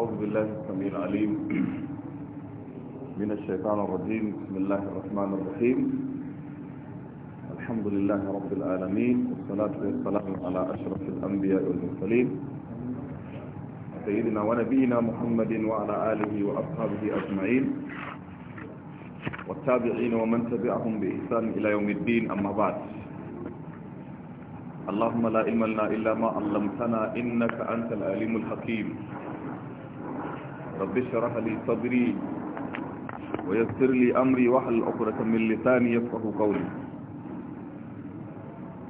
أعوذ بالله السميع العليم من الشيطان الرجيم بسم الله الرحمن الرحيم الحمد لله رب العالمين والصلاة والسلام على أشرف الأنبياء والمرسلين سيدنا ونبينا محمد وعلى آله وأصحابه أجمعين والتابعين ومن تبعهم بإحسان إلى يوم الدين أما بعد اللهم لا علم لنا إلا ما علمتنا إنك أنت العليم الحكيم رب اشرح لي صدري ويسر لي أمري وحل عقدة من لساني يفقه قولي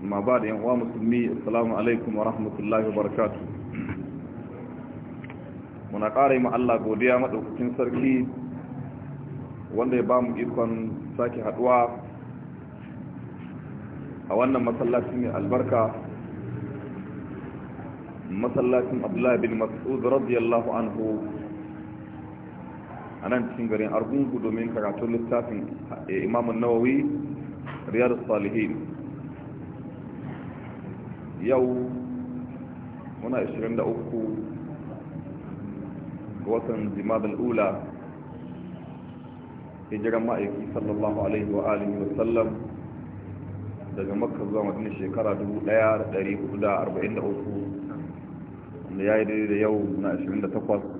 ما بعد يا مسلمي السلام عليكم ورحمة الله وبركاته muna ƙara yi Allah godiya maɗaukakin sarki wanda ya ba mu ikon sake haɗuwa a wannan masallacin mai albarka masallacin abdullahi bin mas'ud radiyallahu anhu anan nan cikin garin argungu domin karatun littafin imamun nawawi riyar salihin yau muna 23 ga watan jimadar ula hijiran ma'aiki sallallahu alaihi wa alihi wa sallam daga makka zuwa madina shekara 1443 wanda ya yi daidai da yau na 28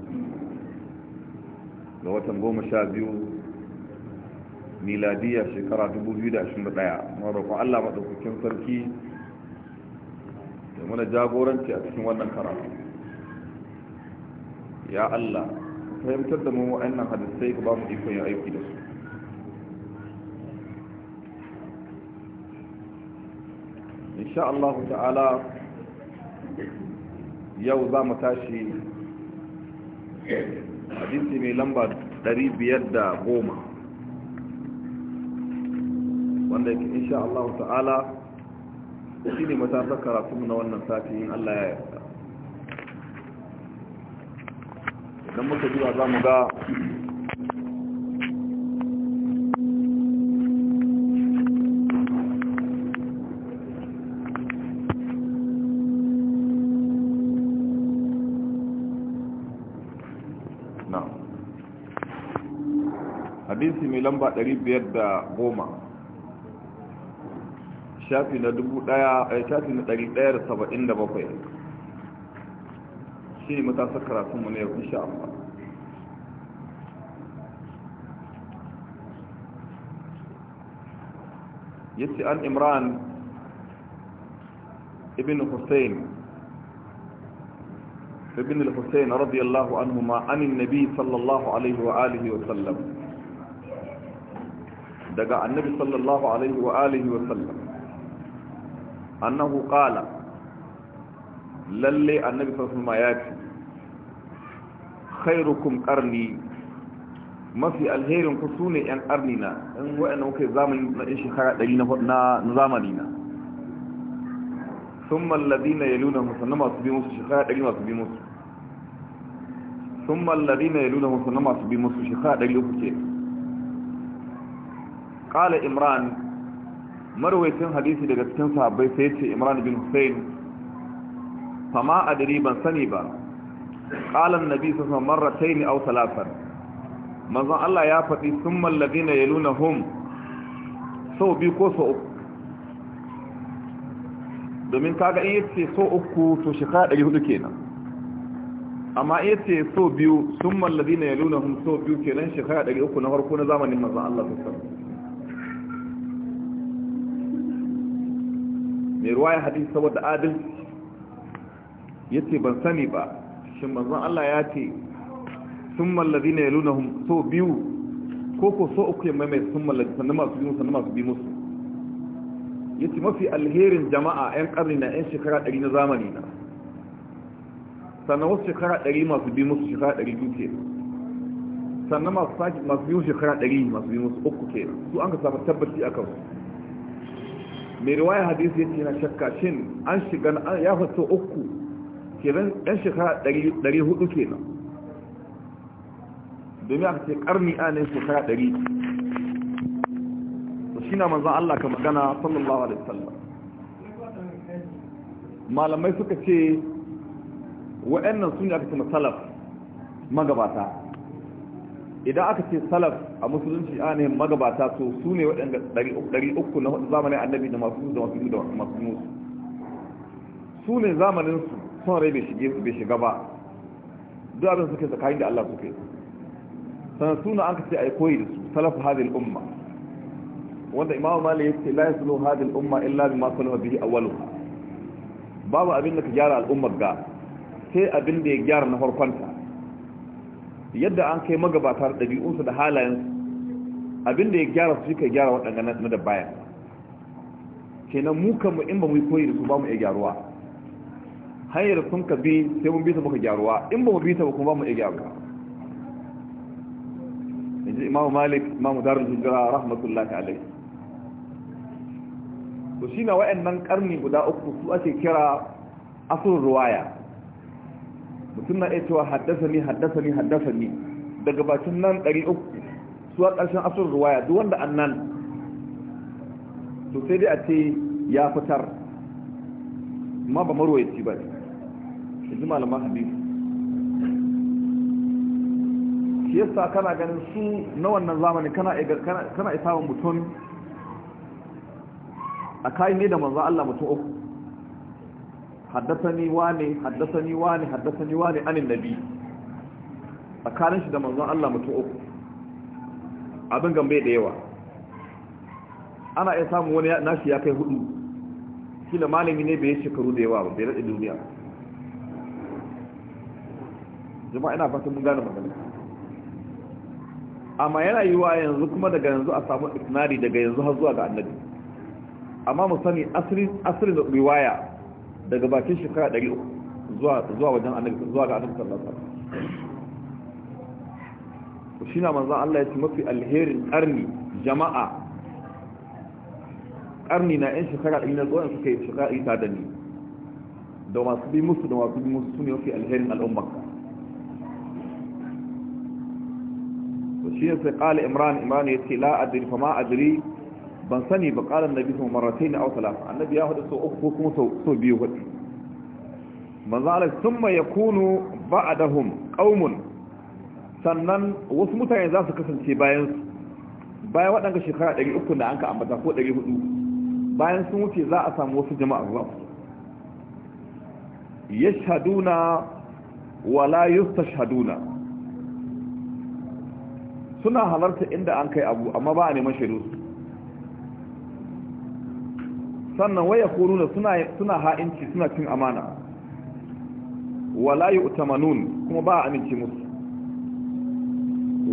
ga watan goma sha biyu miladiyya shekara 2021 maroƙon allah maɗaukakin sarki da mana jagoranci a cikin wannan karatu ya allah fahimtar da mu wa'annan hadisai ka ba mu ikon yin aiki da su insha allah ta'ala yau za mu tashi hadisi mai lamba 510 wanda yake insha Allah ta'ala shi ne matasar karatu na wannan sati in Allah ya yarda idan muka jira za mu ga mai lamba 510 shafi na 1177 eh, shi ne matasa karatunmu na yau insha Allah yace an imran ibn husayn ibn al-husayn radiyallahu anhuma an an-nabi sallallahu alaihi wa alihi wa sallam daga annabi sallallahu alaihi wa alihi wa sallam annahu qala lalle annabi sallallahu alaihi ya ce khairukum qarni mafi alherin ku sune yan qarni na in kai zamani na shekara 100 na zamani na ثم الذين يلونهم سنما سبيموس شخاء دقيما سبيموس ثم الذين يلونهم سنما سبيموس qala imran marwayacin hadisi daga cikin sahabbai sai ce imran bin husayn fama adri ban sani ba qala annabi sallallahu alaihi wasallam marratayn aw thalathan manzon Allah ya faɗi summa alladhina yalunhum sau biyu ko sau uku domin kaga in yace so uku to shekara ɗari kenan amma in yace so biyu sun mallabi na yaluna hun so biyu kenan shekara ɗari uku na farko na zamanin mazan Allah su mai ruwaya hadisi saboda adil ya ce ban sani ba shi manzon Allah ya ce sun mallazi na yalunahum so biyu ko ko so uku ya mai sun mallazi sannan masu biyu musu sannan masu biyu musu ya ce mafi alherin jama'a 'yan ƙarni na 'yan shekara 100 na zamani na sannan wasu shekara 100 masu biyu musu shekara ɗari biyu ke sannan masu biyu musu shekara 100 masu biyu musu uku ke su an ka samu tabbaci a kansu mai riwaya hadisi ya ce na shakka shin an shiga na ya fato uku kenan yan shekara 400 kenan domin aka ce karni a ne shekara 100 shi na manzan Allah ka magana sallallahu alaihi sallam malamai suka ce wa'annan sun yi aka ce masalaf magabata idan aka ce salaf a musulunci a ne magabata so su ne waɗanda ɗari uku na zamanin annabi da masu da masu da masu musu su ne zamanin su son rai bai shiga ba duk abin suke tsakanin da Allah suke sannan suna an ka ce a yi koyi da su salaf hadin umma wanda imam malik ya ce la yaslu hadin umma illa bima salafa bihi awwalu babu abin da ka gyara al'ummar ga sai abin da ya gyara na farkonta yadda an kai magabata da ɗabi'unsu da halayensu abinda ya gyara su suka gyara waɗanda na da baya kenan mu kanmu in ba mu yi koyi da su ba mu iya gyaruwa hanyar sun ka bi sai mun bita muka gyaruwa in ba mu bita ba kuma ba mu iya gyaruwa in ji imamu malik imamu darin hijira rahmatullahi alaihi to shi na wa'annan karni guda uku su ake kira asirin ruwaya mutum na iya cewa haddasa ni haddasa ni haddasa ni daga bakin nan 300 suwa ƙarshen asirin ruwaya duk wanda an nan to sai dai a ce ya fitar ma ba ci ba ji malaman habibu shi yasa kana ganin su na wannan zamani kana wa mutum a kayan ne da manzan Allah mutum uku haddasani wane haddasani wane haddasani wane anin nabi tsakanin shi da manzon Allah mutum uku abin gambe da yawa ana iya samun wani nashi ya kai hudu da malami ne bai shekaru da yawa ba bai rade duniya jama'a ina fatan mun gane magana amma yana yiwa yanzu kuma daga yanzu a samu isnadi daga yanzu har zuwa ga annabi amma mu sani asirin riwaya daga bakin shekara ɗari uku, zuwa wajen annabi zuwa ga annabi sallallahu alaihi wasallam shi na manzon Allah ya ce mafi alherin karni jama'a karni na yan shekara ɗari na zuwa suka yi shekara 100 da ni da masu bi musu da masu bi musu sune mafi alherin al'umma to shi ne sai qala imran imran ce la adri fa ma adri ban sani ba ƙalar nabi sun maratai na autala annabi ya hudu sau uku ko kuma sau biyu hudu manzana sun mai ya kunu ba a dahun ƙaumun sannan wasu mutane za su kasance bayansu bayan waɗanda shekara ɗari uku da an ka ambata ko ɗari hudu bayan sun wuce za a samu wasu jama'a ba ya shaduna wala yusta shaduna suna halarta inda an kai abu amma ba a neman shaidu sannan waya koruna suna ha'inci suna cin amana wala yi utamanun kuma ba a aminci musu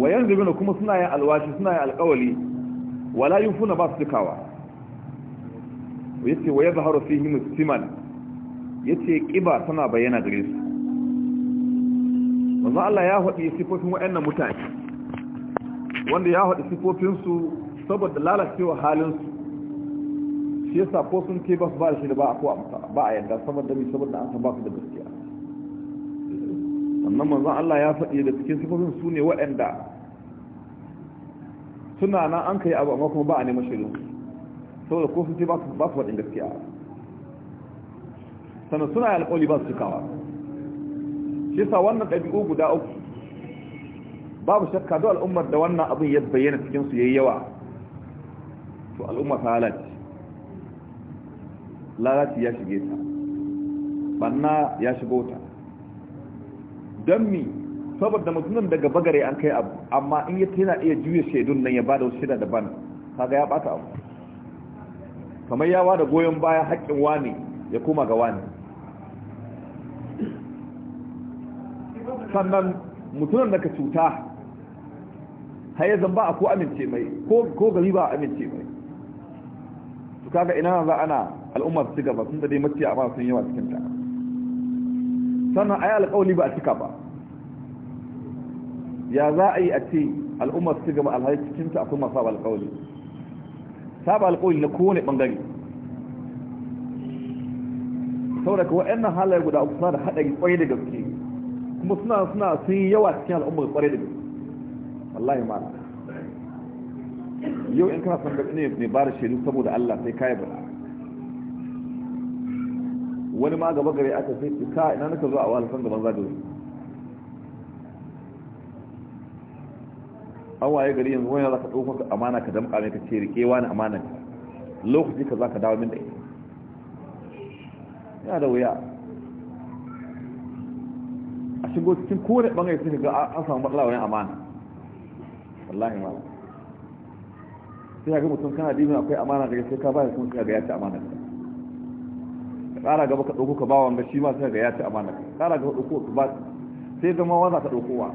wayan zubina kuma suna yin alwashi suna yin alkawali wala yin funa ba su dukawa ya ce waya zahara fi himus siman ya ce ƙiba tana bayyana gare su wanzu Allah ya haɗi sifofin waɗannan mutane wanda ya haɗi su saboda lalacewa halin su. shi yasa ko sun ce ba su ba da shi da ba a ko ba a yadda saboda mai saboda an san ba su da gaskiya sannan manzan Allah ya faɗi da cikin sifofin su ne waɗanda suna nan an kai abu amma kuma ba a neman shirin saboda ko sun ce ba su faɗin gaskiya sannan suna alƙoli ba su cikawa shi yasa wannan ɗabi'u guda uku babu shakka duk al'ummar da wannan abin ya bayyana cikin su yayi yawa to al'umma ta halatta lalaci ya shige ta banna ya shigo ta don mi saboda mutumin daga bagare an kai abu amma in yata yana iya juya shaidun nan ya bada wasu shida daban kaga ya bata abu kamar yawa da goyon baya haƙƙin wani ya koma ga wani sannan mutumin da ka cuta haye zamba a ko amince mai ko gari ba amince mai su kaga ina za ana al'umma su gaba sun da dai mace a ba sun yawa cikin ta sannan ayi alƙawli ba a cika ba ya za a yi a ce al'umma su gaba ba alhali cikin ta akwai masu saba alƙawli saba alƙawli na kowane bangare saboda kuwa ƴan halaye guda uku suna da haɗari ƙwai da gaske kuma suna suna sun yi yawa cikin al'umma ƙwarai da gaske wallahi ma yau in kana son gaske ne ba da shaidu saboda Allah sai kai bala wani ma gaba gare aka sai ka ina naka zo a walafan gaban zagaye an waye gari yanzu wani za ka ɗauka amana ka damƙa ne ka ce rike wani amana lokaci ka za ka dawo min da ita yana da wuya a shigo cikin kowane ɓangare sun shiga an samu matsala wani amana wallahi ma sai ga mutum kana dimin akwai amana ga ya sai ka bayan sun kaga ya ci amana ka ka tsara gaba ka ɗauko ka ba wanga shi ma sai ga ya ci amana ka tsara gaba ɗauko ka ba sai zama wanda ka ɗaukowa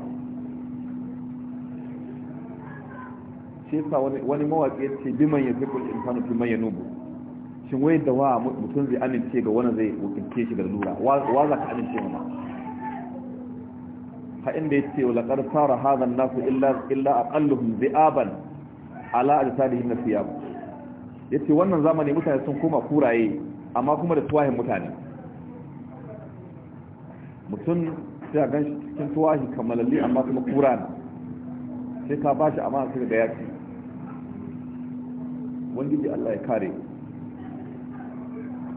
shi yasa wani mawaƙi ce bi biman ya zikul insanu fi man yanubu shin wai da wa mutum zai amince ga wani zai wakilce shi ga lura wa za ka amince ma ha inda ya ce wala ƙarfara hadan nasu illa illa aqalluhum zi'aban ala da ajsadihim Ya ce wannan zamani mutane sun koma kuraye amma kuma da tuwahin mutane mutum sai a gan shi cikin tuwahi kamalalli amma kuma kura ne sai ka ba shi amma sai da yaki wangiji Allah ya kare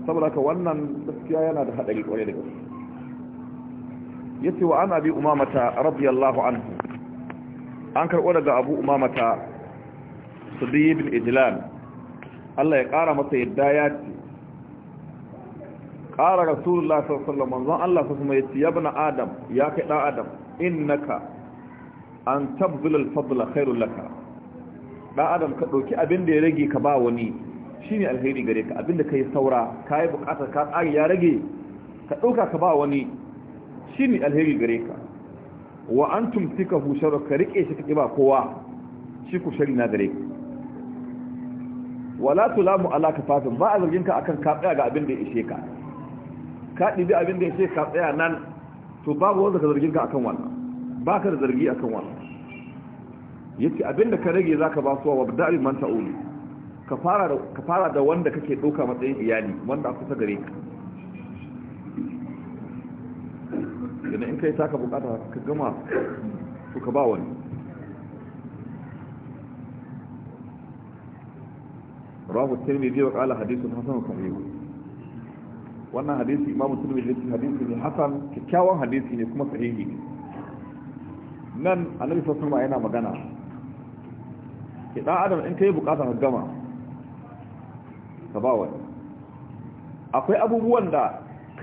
saboda ka wannan gaskiya yana da haɗari ƙwarai da gaske Ya ce wa ana bi umamata radiyallahu anhu an karɓo daga abu umamata sudi ibn ijlan Allah ya ƙara masa yadda ya ce ƙara rasulullah sallallahu manzon Allah su kuma yace ya bana adam ya kai dan adam innaka an tabdil al-fadl khairul laka dan adam ka dauki abin da ya rage ka ba wani shine alheri gare ka abin da kai saura kai bukatar ka ƙari ya rage ka dauka ka ba wani shine alheri gare ka wa antum tikahu sharu ka rike shi kake ba kowa shi ku shari na gare ka wala tulamu ala kafatin ba a zargin ka akan ka tsaya ga abin da ya ishe ka ka ɗibi abin da ya ce ka tsaya nan to babu wanda ka zargin ka akan wannan ba ka da zargi akan wannan ya ce abin da ka rage za ka ba su wa da'ari man ta'uli ka fara da wanda kake ɗauka matsayin iyali wanda a kusa gare ka yana in kai ta ka bukata ka gama su ka ba wani rahu tirmidhi wa qala hadithun hasanun sahih wannan hadisi imam tirmidhi ne hadisi ne hasan kikkiawan hadisi ne kuma sahihi ne nan annabi sallallahu alaihi yana magana ke dan adam in kai bukatar ka gama ka ba wani akwai abubuwan da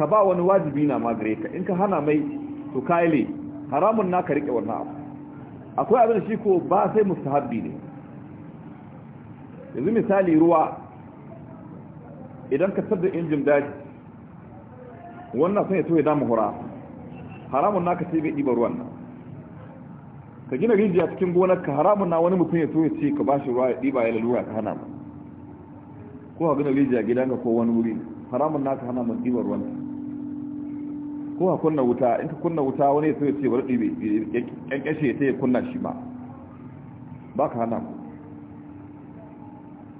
ka ba wani wajibi na magare ka in ka hana mai to kaile haramun na ka rike wannan abu akwai abin shi ko ba sai mustahabbi ne yanzu misali ruwa idan ka sadda injin daji wannan sai ya so ya dama hura haramun naka sai bai ɗiba ruwan nan ka gina rijiya cikin gonar ka haramun na wani mutum ya so ya ce ka bashi ruwa ya ɗiba ya lalura ka hana ba ko ka gina rijiya ka ko wani wuri haramun naka hana mun ɗiba ruwan ko ka kunna wuta in ka kunna wuta wani ya so ya ce bari ɗibe ƙyanƙyashe ya ce ya kunna shi ma ba ka hana mu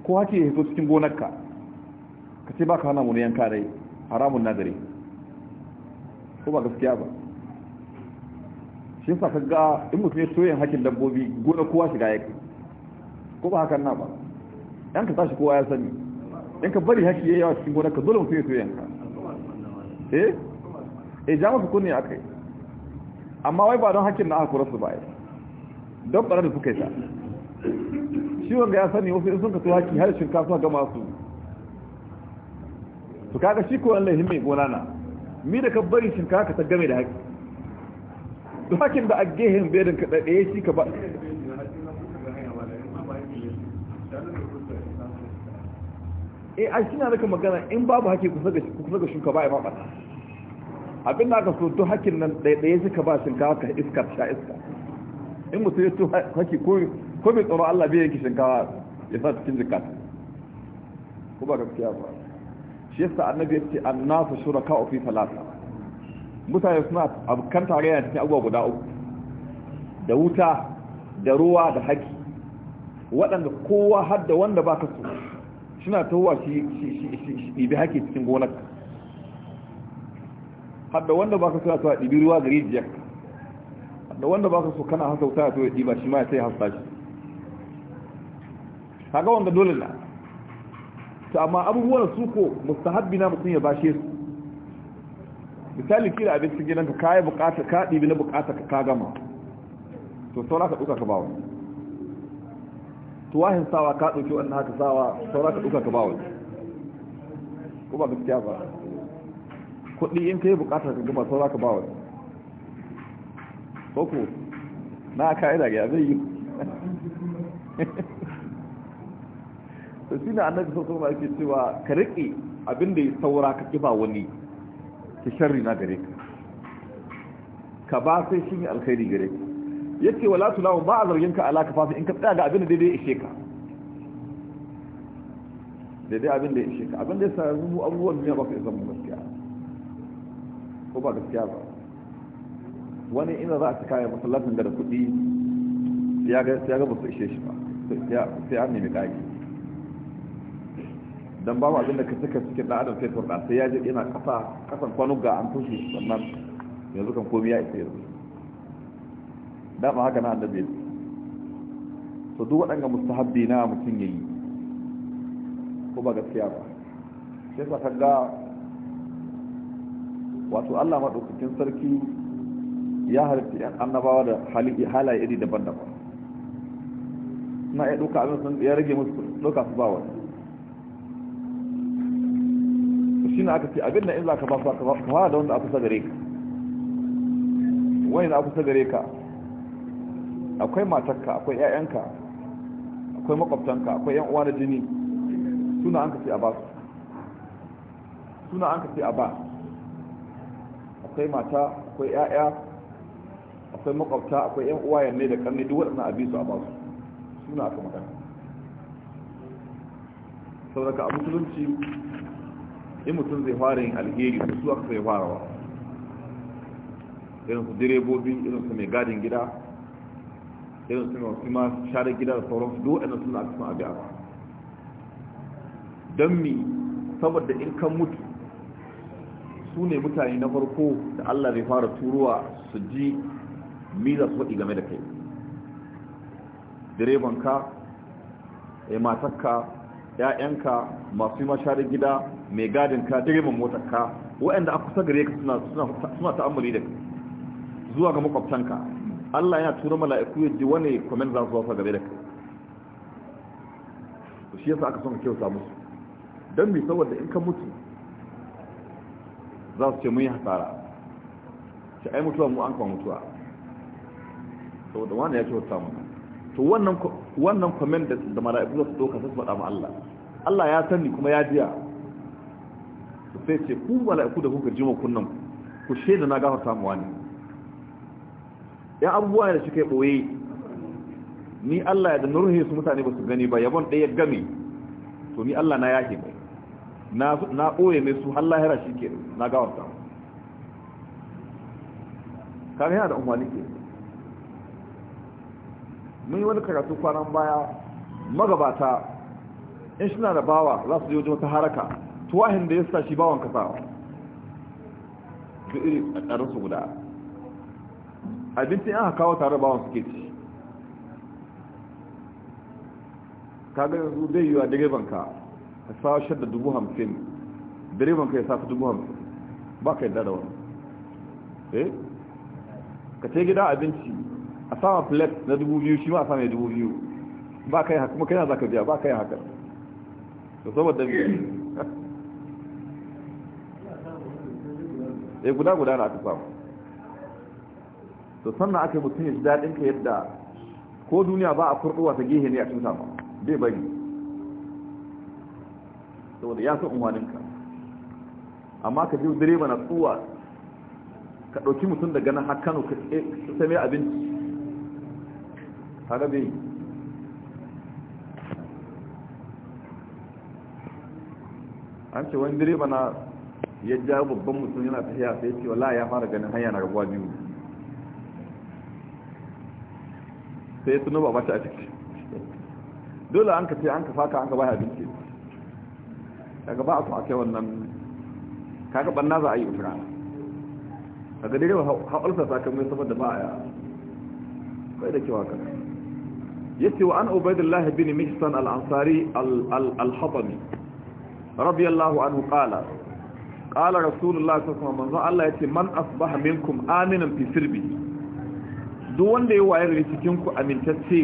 ko hake ya hito cikin gonar ka ce ba ka hana mu yanka dai haramun na gare ko ba gaskiya ba shi sa kaga in mutum ya soyin hakin dabbobi gona kowa shiga ya kai ko ba hakan na ba yan ka tashi kowa ya sani in ka bari haki ya yawa cikin gona ka dole mutum ya soyin ka eh eh jama'a maka kunni akai amma wai ba don hakin na aka rasu su ba don barar da suka yi ta shi wanda ya sani wasu sun ka so haki har shinkafa ga masu su kaga shi ko Allah himme gona na mi da ka bari shinkawa ka tagame da haƙi da hakin da a gehen berin ka ɗaɗɗaya shi ka ba e eh, a shi na naka magana in babu haƙi kusa ga shinkawa ba ya maɓata abin da aka so to hakin nan ɗaɗɗaya shi ka ba shinkawa ka iska sha iska in mutum ya to haƙi ko mai tsaro Allah bai yanki shinkawa ya sa cikin jikata ko ba gaskiya ba shi yasa annabi yace annasu shuraka fi salasa mutane suna abokan tarayya cikin abuwa guda uku da wuta da ruwa da haki waɗanda kowa har da wanda baka so suna tawowa shi shi ɗibi haki cikin gonar har da wanda baka so suna tawa ɗibi ruwa gari jiyar da wanda baka so kana hasauta ya tawa ɗiba shi ma ya sai hasa shi kaga wanda dole na to amma abubuwan su ko mustahabbi na mutum ya bashe su misali kira su gidan ka yi bukata ka ɗibi na bukata ka gama to saura ka ɗuka ka bawa tuwahin sawa ka ɗauki wannan haka sawa saura ka ɗuka ka bawa ko ba gaskiya ba kuɗi in ka yi bukata ka gama saura ka bawa ko ku na ka'ida ga zai yi to shi ne annabi sosai sama yake cewa ka riƙe abin da ya saura ka ƙiba wani ki sharri na gare ka ka ba sai shi ne alkhairi gare ka yace wala tulawu ba a zargin ka alaka fasa in ka tsaya ga abin da daidai ishe ka daidai abin da ya ishe ka abin da ya sa zumu abubuwan duniya ba ka isa mu gaskiya ko ba gaskiya ba wani ina za a ci kayan masallacin da kuɗi ya ga ba su ishe shi ba sai an nemi ƙaƙi dan babu abin da ka suka cikin dan adam sai turda sai ya je yana kasa kasan kwano ga an tushe sannan yanzu kan komai ya isa yanzu da ba haka na annabi ya so duk waɗanda mustahabbi na mutum yayi ko ba gaskiya ba sai sa kaga wato Allah madaukakin sarki ya halitta yan annabawa da halaye iri daban-daban na ya ɗauka abin sun ya rage musu ɗauka su ba wani shi na aka ce abin da in za ka ba ka fara da wanda a kusa gare ka wani na kusa gare ka akwai matarka akwai 'ya'yanka akwai makwabtanka akwai ƴan uwa na jini suna an ka ce a ba su suna an ka ce a ba akwai mata akwai 'ya'ya akwai makwabta akwai 'yan uwa yanne da karni duk waɗannan abin su a ba su suna aka magana sau ka a musulunci in mutum zai fara yin alheri su su aka sai farawa irin su direbobi irin su mai gadin gida irin su mai kuma share gida da sauransu duk waɗanda suna aka sun abi abu don mi saboda in kan mutu su ne mutane na farko da Allah zai fara turuwa su ji miza su faɗi game da kai direbanka ya eh, matakka ‘ya'yanka masu yi mashari gida mai gadin ka direban motar ka waɗanda a kusa gare ka suna suna ta'ammuli da zuwa ga makwabtanka Allah yana tura mala'iku ya ji wani comment za su wasa gare da kai to shi yasa aka son ka kyauta musu don me saboda in ka mutu za su ce mun yi hasara shi ai mutuwa mu an kwa mutuwa saboda wani ya kyauta mana to wannan wannan da mala'iku za su doka sai su faɗa ma Allah Allah ya sani kuma ya jiya sai ce ku mala'iku da kuka jima kunnan ku da na gafarta mu wani ya abubuwa da suka boye ni Allah ya da nurhe su mutane ba su gani ba yabon ya game to ni Allah na yake mai na na boye mai su Allah ya rashi ke na gafarta kare ya da umarni ke mun yi wani karatu kwanan baya magabata in suna da bawa za su yi wajen wata haraka tuwahin da ya sa shi bawon kasawa da iri a ƙararsu guda abincin aka kawo tare bawon suke ci ka ga yanzu zai yi wa direbanka ka sa da dubu hamsin direbanka ya sa su dubu hamsin ba ka yi da wani eh ka ce gida abinci a sama filet na dubu biyu shi ma a sama dubu biyu ba ka yi haka kuma kai na za ka biya ba ka yi haka da saboda biyu ɗaya eh, guda guda na tufa samu to sannan aka yi mutum ya ji daɗin ka yadda ko duniya ba a kurɗuwa ta gehe ne a cuta ma bai bari saboda ya san unwaninka amma ka ji direba na tsuwa ka ɗauki mutum daga nan har kano ka eh, same abinci bai an ce wani direba na ya ja babban mutum yana tafiya sai ce wallahi ya fara ganin hanya na rabuwa biyu sai tuno ba bashi a ciki dole an ka ce an ka faka an ka baya abinci daga ba a so a kai wannan kaga banna za a yi wata rana daga dai ba haƙulsa sakamai saboda ba a bai da kyau haka yace wa an ubaidillah bin mihsan al-ansari al-hatami radiyallahu anhu qala qala rasulullah sallallahu alaihi wasallam Allah yace man asbaha minkum aminan fi sirbi duk wanda ya waye gari cikin ku amintacce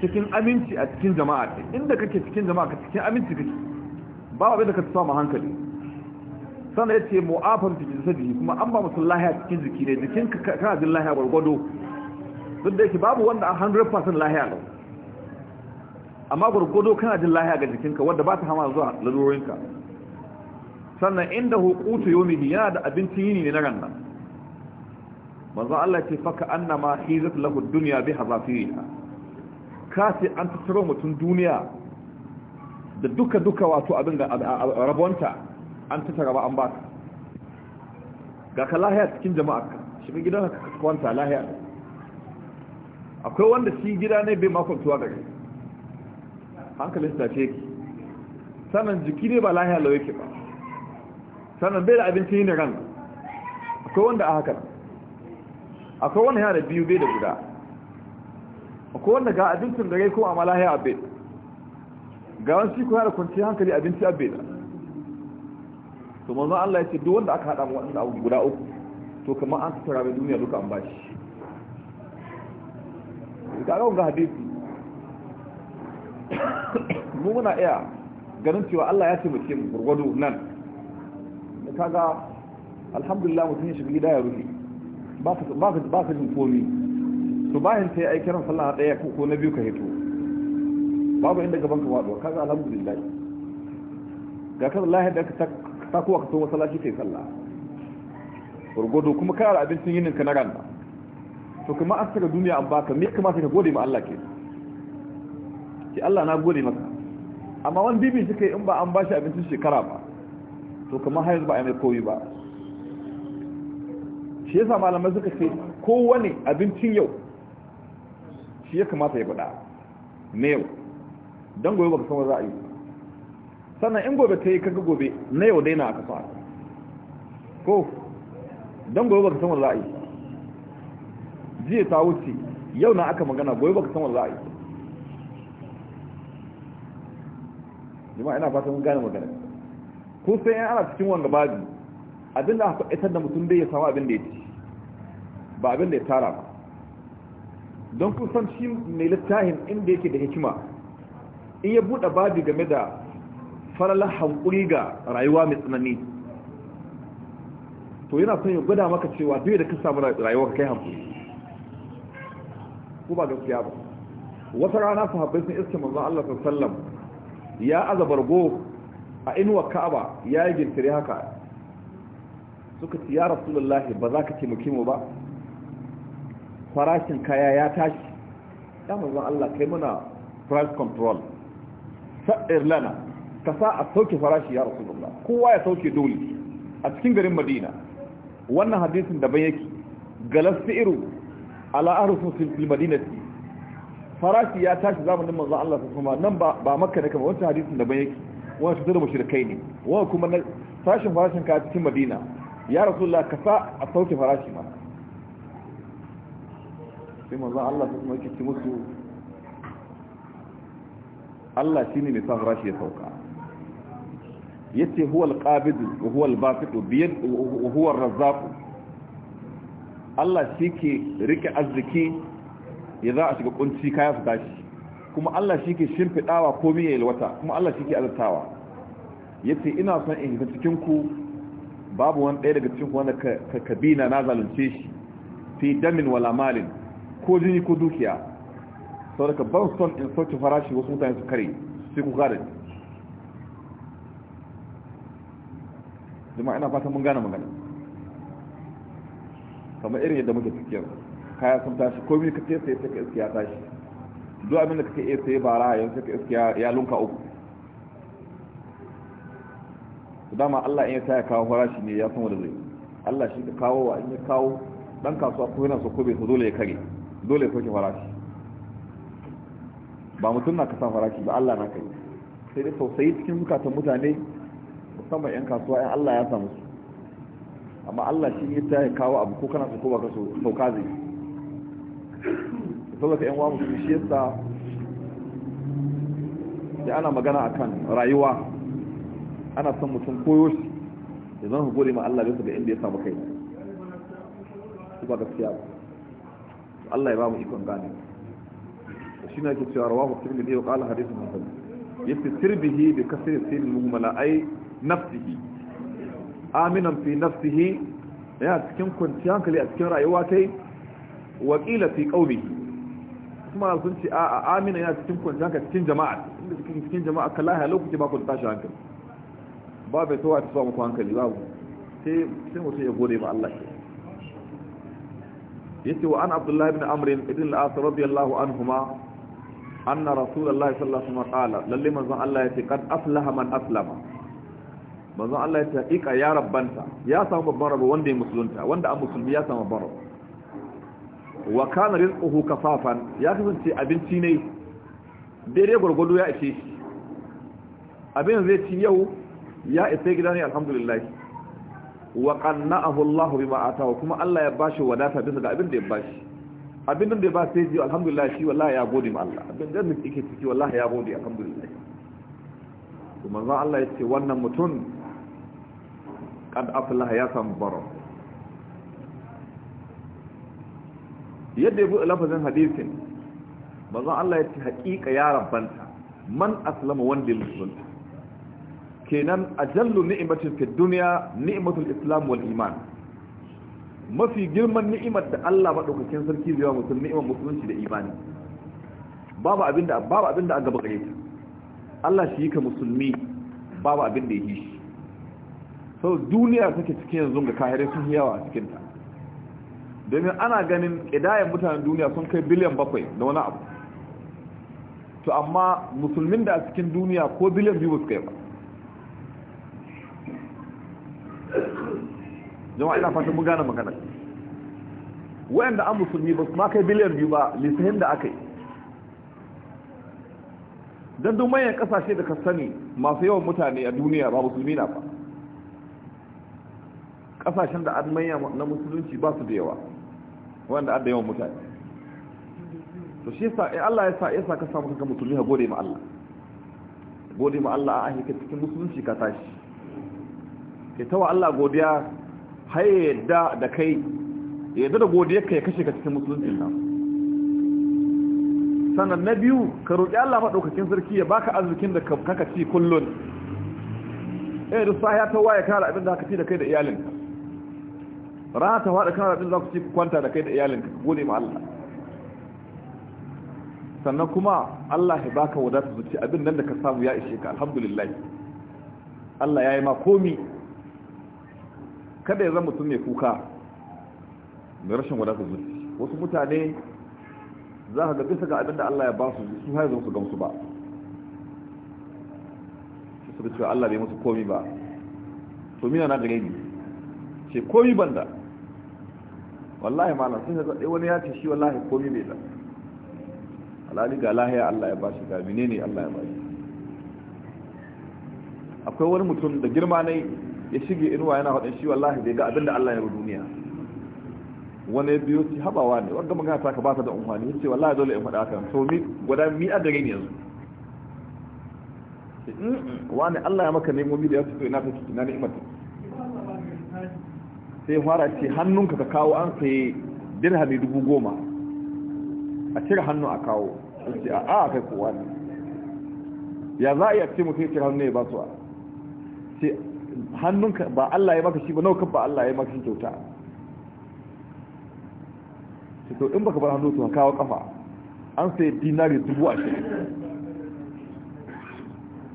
cikin aminci a cikin jama'a inda kake cikin jama'a ka cikin aminci kake ba wa da ka tsama hankali sana yace mu'afan fi jasadi kuma an ba musu lahiya cikin jiki ne jikin ka kana jin lahiya gwargwado duk da yake babu wanda a 100% lahiya ne amma gwargwado kana jin lahiya ga jikinka wanda ba ta hama zuwa lalurorinka sannan inda hukutu yomihi yana da abincin yini ne na rannan manzo Allah ce faka annama hizat lahu dunya bi Ka kasi an tattaro mutun duniya da duka duka wato abin da rabonta an tattara ba an baka ga ka lahiya cikin jama'a shiga gidan ka kwanta lahiya akwai wanda shi gida ne bai makwantuwa gare hankalin sa ce sannan jiki ne ba lahiya lau yake ba sannan bai da abincin yin ran akwai wanda a hakan akwai wanda yana da biyu bai da guda akwai wanda ga abincin da rai ko amala ya abin ga wani shi ko yana kwanci hankali abinci abin to mazan Allah ya ce duk wanda aka hada mu wanda abu guda uku to kamar an tattara mai duniya duka an bashi ga ga hadisi mu muna iya ganin cewa Allah ya ce mu gurgudu nan kaga alhamdulillah mutum ya shiga gida ya rufe ba ka jin komi to bayan sai ai kiran sallah daya ko na biyu ka hito babu inda gaban ka wado kaga alhamdulillah ga kaza lahi da ka kowa ka to masallaci yi sallah gurgudu kuma ka yara abincin yinin ka na ranta to kuma an saka duniya an baka me sai ka gode ma Allah ke ki Allah na gode maka amma wani bibin suka yi in ba an bashi abincin shekara ba to kamar har yanzu ba a mai koyi ba shi yasa malamai suka ce kowane abincin yau shi ya kamata ya faɗa na yau don gobe ba ka san za a yi sannan in gobe ta yi kaga gobe na yau daina aka fara ko don gobe ba ka san za a yi jiya ta wuce yau na aka magana gobe ba ka san za a yi jama'a ina fatan mun gane magana ko sai yan ana cikin wanga babi abinda aka isar da mutum dai ya samu abin da ya ci ba abin da ya tara ba don kun san shi mai littafin inda yake da hikima in ya buɗe babi game da falalar hankuri ga rayuwa mai tsanani to yana son ya gwada maka cewa duk da ka samu rayuwa ka kai hankuri ko ba gaskiya ba wata rana sahabbai sun iske manzon Allah sallallahu alaihi wasallam ya azabar go a inuwa ka'aba ya yi gintare haka suka ci ya rasulullahi ba za ka ce mukimu ba farashin kaya ya tashi ya mazan Allah kai muna price control sa'ir lana ka sa a sauke farashi ya rasulullah kowa ya sauke dole a cikin garin madina wannan hadisin daban yake galas siru ala arufin fil madinati farashi ya tashi zamanin manzon Allah su kuma nan ba makka ne kama, wancan hadisin daban yake wani cutar da mashirkai ne wani kuma na farashin farashin ka cikin madina ya rasulullah ka sa a sauke farashi ma sai manzan allah ya kuma yake musu allah shi ne mai sa farashi ya sauka ya ce huwal ƙabidu wa huwal bafiɗu biyan wa huwal razzaku allah shi ke rike arziki ya za a shiga kunci kaya su tashi kuma Allah shi ke shimfiɗawa ko yi yalwata kuma Allah shi ke azartawa ya ce ina son in hita cikinku babu wani ɗaya daga cikinku wanda ka kabina na zalunce shi fi damin wala malin ko jini ko dukiya sau daga ban son in sauke farashi wasu mutane su kare sai ku ne jama'a ina fata mun gane magana kamar irin yadda muke cikin kaya sun tashi komi ka ce sai ta iskiya tashi duk abin da kake iya sai bara yanzu ka iska ya lunka uku dama Allah in ya ya kawo farashi ne ya san da zai Allah shi ka kawo wa in ya kawo dan kasuwa ko yana so ko bai so dole ya kare dole ya soke farashi ba mutum na kasa farashi ba Allah na kai sai dai sosai cikin zukatan mutane musamman 'yan kasuwa 'yan Allah ya samu su amma Allah shi ya ta kawo abu ko kana so ko ba ka so sauka zai saboda yan wa musulmi shi yasa da ana magana akan rayuwa ana son mutum koyo shi da zan gode ma Allah bisa ga inda ya samu kai ba gaskiya ba Allah ya ba mu ikon gane shi ne ake cewa rawahu tirmidhi wa qala hadithun hasan yace tirbihi bi kasri sin mumala ay nafsihi aminan fi nafsihi ya cikin kwanciyar hankali a cikin rayuwa kai wakila fi qaumihi kuma sun ce a amina yana cikin kwanciyar ka cikin jama'a inda cikin cikin jama'a kala ya lokaci ba ku tashi hankali ba bai tawa ta samu hankali ba sai sai mutum ya gode ba Allah yace wa an abdullahi ibn amr ibn al-as radiyallahu anhuma anna rasulullahi sallallahu alaihi wasallam qala lalle manzon Allah yace kad aflaha man aslama manzon Allah yace hakika ya rabbanta ya samu babban rabo wanda ya musulunta wanda an musulmi ya samu babban rabo wa kana rizquhu kafafan ya kasance abinci ne daidai gurgudu ya ishe shi abin zai ci yau ya isa gida ne alhamdulillah wa qanna'ahu Allah bima ataahu kuma Allah ya bashi wadata bisa ga abin da ya bashi abin da ya ba sai ji alhamdulillah shi wallahi ya gode ma Allah abin da yake ciki wallahi ya gode alhamdulillah kuma manzo Allah ya ce wannan mutum kad aflaha ya san barar yadda ya buɗe lafazin hadisin manzon Allah ya ce haƙiƙa ya rabbanta man aslama wanda ya musulunta kenan ajallu ni'imacin fi duniya ni'imatul islam wal iman mafi girman ni'imar da Allah madaukakin sarki zai wa mutum ni'imar musulunci da imani babu abinda babu abinda aka gaba gare ta Allah shi yake musulmi babu abinda yake shi sau duniya take cikin yanzu ga kahirai sun yawa cikin ta domin ana ganin ƙidayen mutanen duniya sun kai biliyan bakwai da wani abu to amma musulmin da a cikin duniya ko biliyan biyu suka kai ba jama'a ina fatan mu gane magana da an musulmi ba su ma kai biliyan biyu ba lisahin da aka yi don duk manyan kasashe da ka sani masu yawan mutane a duniya ba musulmi na ba kasashen da an manya na musulunci ba su da yawa wanda adda yawan mutane to shi yasa eh Allah ya sa sa ka samu kanka musulmi ha gode ma Allah gode ma Allah a ka cikin musulunci ka tashi ke tawa Allah godiya haye yadda da kai yadda da godiyar ka ya kashe ka cikin musulunci nan sannan na biyu ka roƙi Allah maɗaukakin sarki ya baka arzikin da kaka ci kullun eh duk ya ta waye kare abin da haka ci da kai da iyalinka rana ta faɗa kana raɗin za ku ci kwanta da kai da iyalinka ka gode ma Allah sannan kuma Allah ya baka wadata zuci abin nan da ka samu ya ishe ka alhamdulillah Allah ya yi ma komi kada ya zama mutum mai kuka mai rashin wadata zuci wasu mutane za ka ga bisa ga abin da Allah ya ba su su har su gamsu ba su da cewa Allah bai musu komi ba to mina na gare ni ce komi banda wallahi malam sun zaɗe wani ya ce shi wallahi komi bai da alhali ga lahiya Allah ya bashi ga menene Allah ya bashi akwai wani mutum da girma ne ya shige inuwa yana haɗin shi wallahi bai ga abin da Allah ya yi duniya wani ya biyo ci habawa ne wanda magana ta ka ba ta da ya ce wallahi dole in faɗa kan to mi gwada mi a gare ne yanzu wani Allah ya maka nemo mi da ya fito ina ta ina ni'imar ta sai fara ce hannunka ka kawo an saye dirhami dubu goma a cire hannu a kawo ce a a kai kowa ne ya za a iya ce mutum ya cire hannu ya ba su a ce hannunka ba Allah ya maka shi ba naukan ba Allah ya maka shi kyauta ce to in baka bar hannu ka kawo kafa an saye dinari dubu ashirin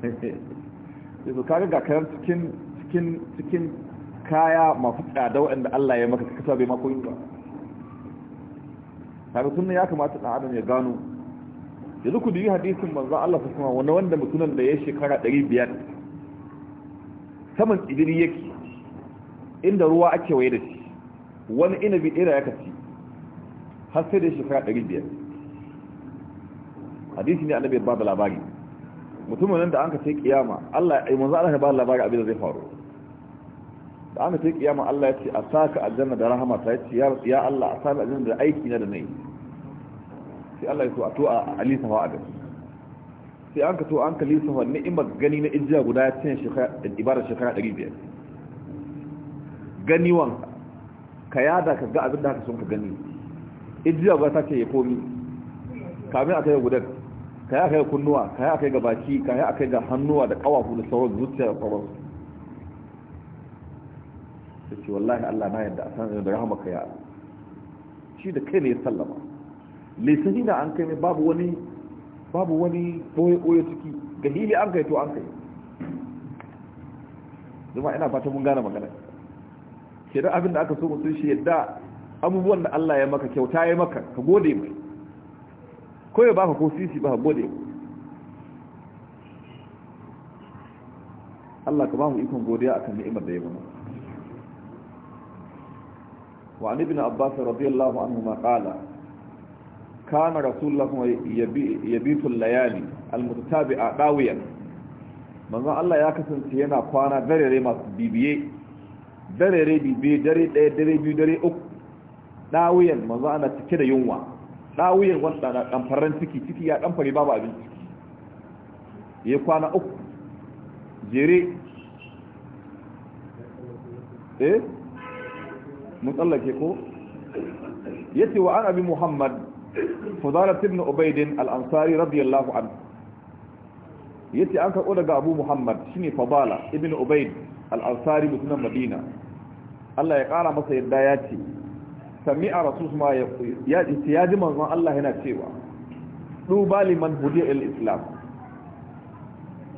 sai to kaga ga kayan cikin cikin cikin kaya masu tsada waɗanda Allah ya maka kasa bai mako yin ba kaga sunna ya kamata ɗan adam ya gano yanzu ku duyi hadisin manzo Allah ta kuma wani wanda mutumin da ya shekara ɗari biyar saman tsibiri yake inda ruwa ake waye da shi wani inabi ɗera ya kaci har sai da shekara ɗari biyar hadisi ne annabi ba da labari mutumin nan da an ka sai kiyama Allah ya eh, manzo Allah ya ba labari abin da zai faru da ana sai kiyama Allah ya ce a saka aljanna da rahama ta ce ya Allah a saka aljanna da aiki na da nayi sai Allah ya so a to a alisa wa adam sai an ka to an ka lisa wa ni'imar gani na ijiya guda ya cin ibarar shekara 500 gani wanka ka yada ka ga abin da haka sun ka gani ijiya guda ta ce ya komi kamin a kai gudan ka yi a kai kunnuwa ka yi a kai ga baki ka yi a kai ga hannuwa da kawafu da sauran zuciya da sauransu da ce wallahi Allah na yadda a sanar da rahamaka ya shi da kai ne ya sallama lisani da an kai ne babu wani babu wani boye-boye ciki ga hili an kai to an kai zama ina fata mun gane magana ke da abin da aka so mutum shi yadda abubuwan da Allah ya maka kyauta ya maka ka gode mai ko ya baka ko sisi ba ka gode mai Allah ka ba mu ikon godiya akan ni'imar da ya mana وعن ابن عباس رضي الله عنهما قال كان رسول الله يبيت الليالي المتتابعة قاويا manzon Allah ya kasance yana kwana darere masu bibiye darere bibiye dare ɗaya dare biyu dare uku ɗawuyan manzon ana cike da yunwa ɗawuyan wanda na ɗamfarar ciki ciki ya ɗamfare babu abinci ya kwana uku jere mun tsallake ko ce wa an abi muhammad fudala ibn ubayd al-ansari radiyallahu anhu ce an karɓo daga abu muhammad shine fabala ibn ubaid al-ansari mutumin madina Allah ya kara masa yadda ya ce sami'a rasul ma ya ya ji manzon Allah yana cewa duba liman hudiya al-islam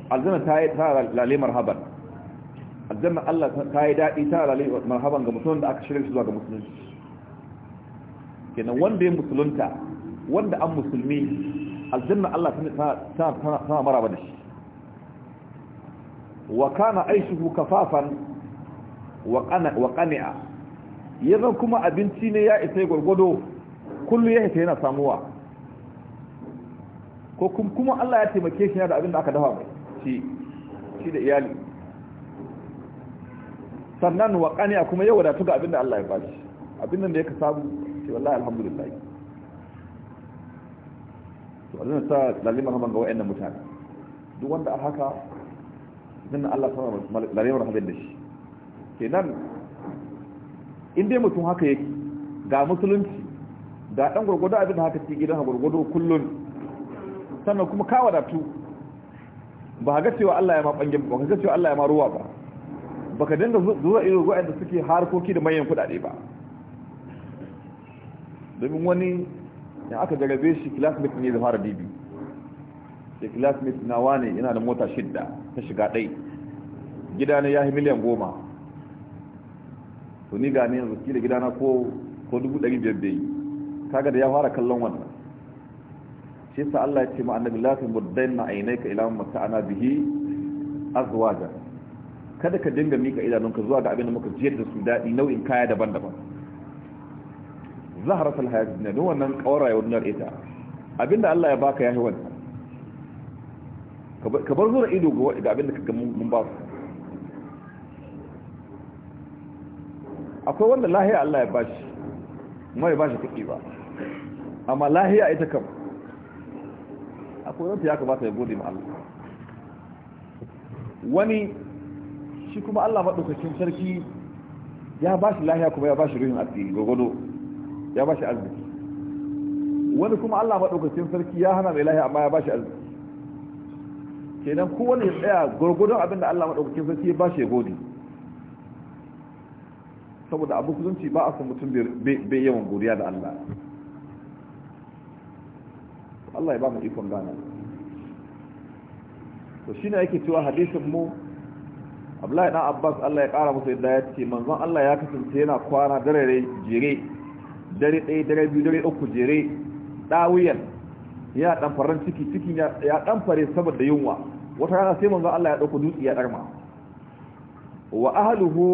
aljanna ta yi ta lalimar habar aljanna Allah ta yi daɗi ta lalai marhaban ga musulun da aka shirya shi zuwa ga musulunci kenan wanda ya musulunta wanda an musulmi aljanna Allah tana maraba da shi wa kana aishuhu kafafan wa qani'a yanzu kuma abinci ne ya isa ya gwargwado kullum ya hita yana samuwa ko kuma Allah ya taimake shi da abin da aka dafa shi da iyali sannan ne a kuma yau da tuga abinda Allah ya bashi abinda da ya ka samu sai wallahi alhamdulillah to Allah ta lalima haban ga wayannan mutane duk wanda a haka dan Allah ta lalima haban da shi ke in dai mutum haka yake ga musulunci da ɗan gwargwado abinda haka ci gidan gwargwado kullun sannan kuma ka wadatu ba ga cewa Allah ya ma bangen ba ga cewa Allah ya ma ruwa ba baka dinga zuwa irin wa'anda suke harkoki da manyan kudade ba domin wani ya aka jarabe shi classmate ne da fara dibi da classmate na wane yana da mota shidda ta shiga ɗai gida na yahi miliyan goma to ni gane yanzu kila gida na ko ko dubu ɗari biyar da yi kaga da ya fara kallon wannan shi sa Allah ya ce ma annabi lafi tu muddanna aynaka ila ma ana bihi azwaja kada ka dinga mika idanunka zuwa ga abin da muka jiyar da su daɗi nau'in kaya daban-daban zahara salhaya duniya don wannan kawara ya wunar ita abinda Allah ya baka ya yi wannan ka bar zuwa ido ga abinda ka mun ba su akwai wanda lahiya Allah ya bashi kuma ya bashi kuɗi ba amma lahiya ita kam akwai wanda ya kamata ya gode ma Allah wani shi kuma Allah maɗaukacin sarki ya ba shi lahiya kuma ya ba shi ruhin asiri gogodo ya ba shi arziki wani kuma Allah maɗaukacin sarki ya hana mai lahiya amma ya ba shi arziki nan kowane ya tsaya gwargwadon abin da Allah maɗaukacin sarki ya ba shi ya gode saboda abu kuzunci ba a san mutum bai yawan godiya da Allah Allah ya ba mu ikon gana to ne yake cewa hadisin mu abdullahi dan abbas allah ya kara musu yadda ya ce manzon allah ya kasance yana kwana dare jere dare ɗaya dare biyu dare uku jere dawiyan ya dan faran ciki cikin ya dan fare saboda yunwa wata rana sai manzon allah ya ɗauko dutse ya ɗarma wa ahluhu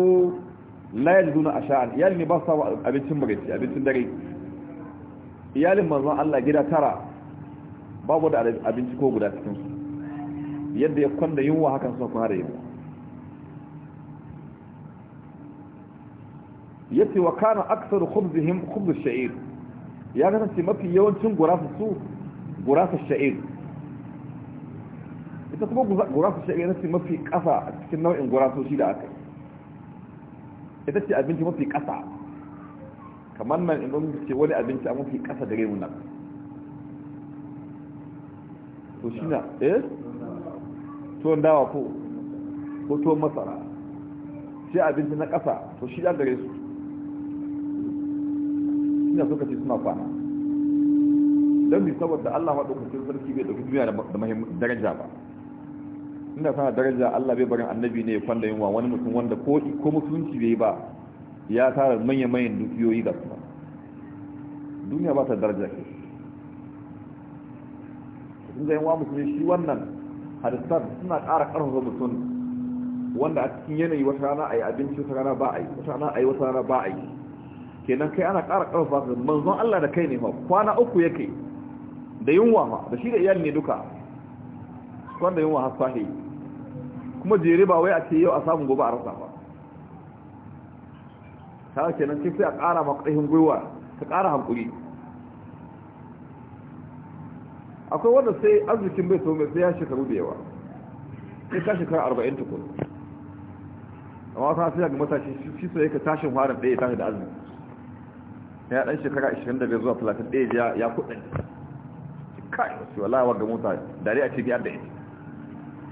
la yalzuna asha'an iyalin ne ba sa abincin magaci abincin dare iyalin manzon allah gida tara babu da abinci ko guda cikinsu yadda ya kwanda yunwa hakan sun kwana da yunwa yace wa kana aktsaru khubzihim khubz ash-sha'ir ya ga kasance mafi yawancin gurasa su ash sha'ir ita kuma ash sha'ir ita ce mafi kasa a cikin nau'in shi da aka ita ce abinci mafi kasa kamar nan idan mun ce wani abinci a mafi kasa da rewu nan to shi na eh to ndawa ko ko to masara sai abinci na kasa to shi da gare su duniya suka ce suna kwana don bi saboda Allah maɗaukakin sarki bai ɗauki duniya da daraja ba inda sana daraja Allah bai barin annabi ne ya kwanda yunwa wani mutum wanda ko ko musulunci bai ba ya tara manyan manyan dukiyoyi da suna duniya ba ta daraja ke sun zai wa musulmi shi wannan hadisar suna ƙara ƙarfafa mutum wanda a cikin yanayi wata rana a yi abinci wata rana ba a yi wata rana a yi wata rana ba a yi kenan kai ana ƙara ƙarfa ga manzon Allah da kai ne fa kwana uku yake da yunwa ma da shi da iyali ne duka kwan da yunwa har sahi kuma jere ba wai a ce yau a samu gobe a rasa ba ta kenan kai sai a ƙara ma ƙarfin gwiwa ka ƙara hankuri akwai wanda sai arzikin bai so mai sai ya shekaru da yawa sai ka shekara arba'in tukun amma ta sai ga matashi shi sai ka tashin farin ɗaya tashi da arziki ya dan shekara 25 zuwa 31 ya kudin kai shi wallahi wa ga mota dare a ce biyar da ita